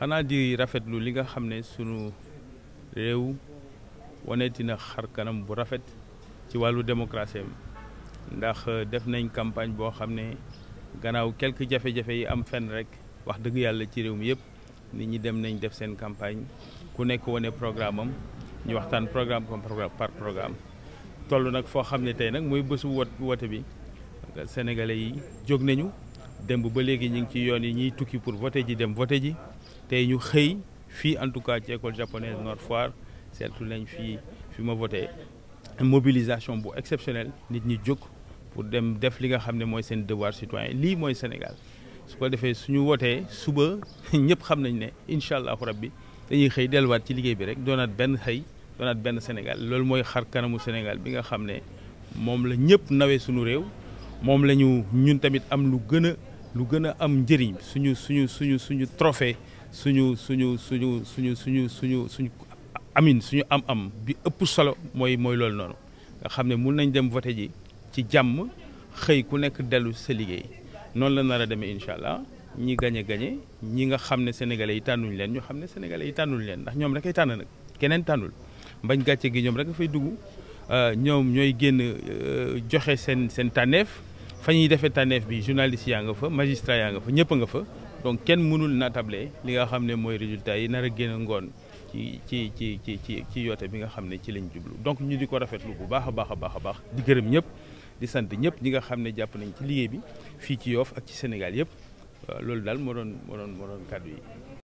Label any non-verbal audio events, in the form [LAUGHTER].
xanaa di rafetlu li nga xam ne sunu réew waneeti na xar kanam bu rafet ci wàllu démocratie ndax euh, def nañ campagne boo xam ne gannaaw quelques jafe-jafe yi am fenn rek wax dëgg yàlla ci réew mi yëpp nit ñi dem nañ def seen campagne ku nekk wone programme am ñu waxtaan programme par programme toll nag foo xam ne tey nag mooy bésu wot wote bi sénégalais yi jóg nañu démb ba léegi ñu ngi ci yoon yi ñiy tukki pour voter ji dem voter ji tey ñu xëy fii en tout cas ci école japonaise Nord Foire seetlu nañ fii fi ma voté mobilisation bu exceptionnelle nit ñi jóg pour dem def li nga xam ne mooy seen devoir citoyen lii mooy Sénégal su ko defee suñu wotee suba [LAUGHS] ñëpp xam nañ ne incha allahu bi dañuy xëy delluwaat ci liggéey bi rek doonaat benn xëy doonaat benn Sénégal loolu mooy xar kanamu Sénégal bi nga xam ne moom la ñëpp nawe suñu réew lu gën lu gën a am njëriñ suñu suñu suñu suñu trophée suñu suñu suñu suñu suñu suñu suñu amin suñu am-am bi ëpp solo mooy mooy loolu noonu nga xam ne mun nañ dem vote ji ci jàmm xëy ku nekk dellu sa liggéey noonu la nar a demee incha allah ñi gañe gañe ñi nga xam ne sénégalais yi tànnuñ leen ñu xam ne sénégalais yi tànnuñ leen ndax ñoom rek ay tànn nag keneen tànnul mbañ gàcce gi ñoom rek a fay dugg euh, ñoom ñooy génn euh, joxe seen seen tànneef. fa ñuy defee tànneef bi journaliste yaa nga fa magistrat yaa nga fa ñëpp nga fa donc kenn mënul na natable li nga xam ne mooy résultat yi nar a génn ngoon ci ci ci ci ci ci yoote bi nga xam ne ci lañ jublu donc ñu di ko rafetlu bu baax a baax a baax a baax di gërëm ñëpp di sant ñëpp ñi nga xam ne jàpp nañ ci liggéey bi fii ci yoof ak ci Sénégal yëpp loolu daal moo doon moo doon moo doon kàddu yi